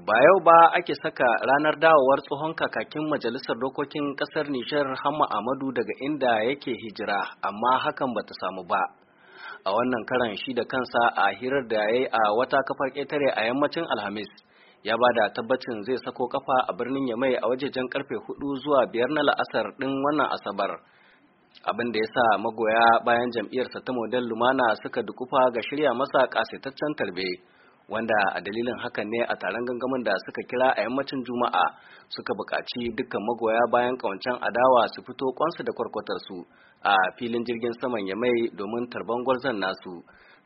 Ba yau ba ake saka ranar dawowar tsohon kakakin majalisar dokokin kasar Nijar Hamma Amadu daga inda yake hijira, amma hakan bata samu ba. A wannan karan shi da kansa a hirar da ya yi a wata kafar ƙetare a yammacin Alhamis, ya ba da tabbacin zai sako kafa a birnin Yamai a wajejen karfe hudu zuwa biyar na la'asar ɗin wannan Asabar. abin da ya sa magoya bayan jam'iyyarsa ta model lumana suka dukufa ga shirya masa ƙasaitaccen tarbe wanda a dalilin hakan ne a taron gangamin da suka kira a yammacin juma'a suka buƙaci dukkan magoya bayan ƙawancen adawa su fito kwansu da kwarkwatarsu a filin jirgin saman ya mai domin tarban gwarzon nasu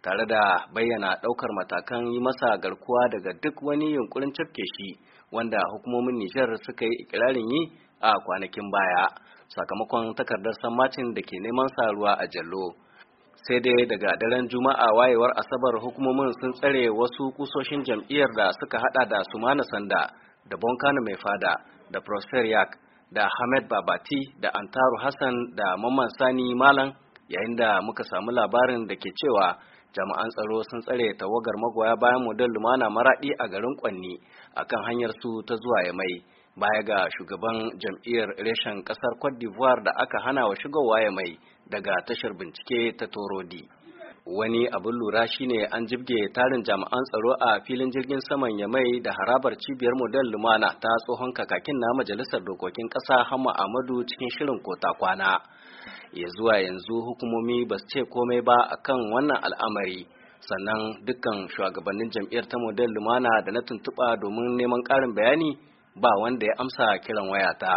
tare da bayyana ɗaukar matakan yi masa garkuwa daga duk wani yunkurin cafke shi wanda hukumomin nijar suka yi ikirarin yi a kwanakin baya sakamakon takardar sammacin da ke neman saruwa a jallo sai dai daga daren juma'a wayewar asabar hukumomin sun tsare wasu kusoshin jam'iyyar da suka hada da sumana sanda da bonkano mai fada da prosper yak da hamed babati da antaru hassan da mamman sani malam yayin da muka samu labarin da ke cewa jami'an tsaro sun tsare tawagar magoya bayan model lumana maradi a garin kwanni akan hanyar su ta zuwa ya mai baya ga shugaban jam'iyyar reshen kasar Cote d'Ivoire da aka hana wa shigowa ya mai daga tashar bincike ta Torodi. Wani abin lura shine an jibge tarin jami'an tsaro a filin jirgin saman ya mai da harabar cibiyar model lumana ta tsohon kakakin na majalisar dokokin ƙasa Hama-Amadu cikin shirin kota kwana. Ya zuwa yanzu hukumomi ba su ce komai ba akan wannan al'amari. sannan dukkan shugabannin jam'iyyar ta model lumana da na tuntuɓa domin neman ƙarin bayani ba wanda ya amsa kiran wayata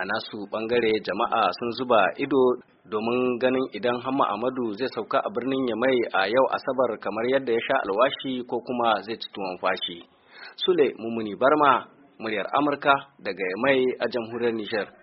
a nasu bangare jama'a sun zuba ido domin ganin idan hamma amadu zai sauka a birnin yamai a yau asabar kamar yadda ya sha alwashi ko kuma zai ci tuwon fashi sule mumuni barma muryar amurka daga mai a jamhuriyar nijar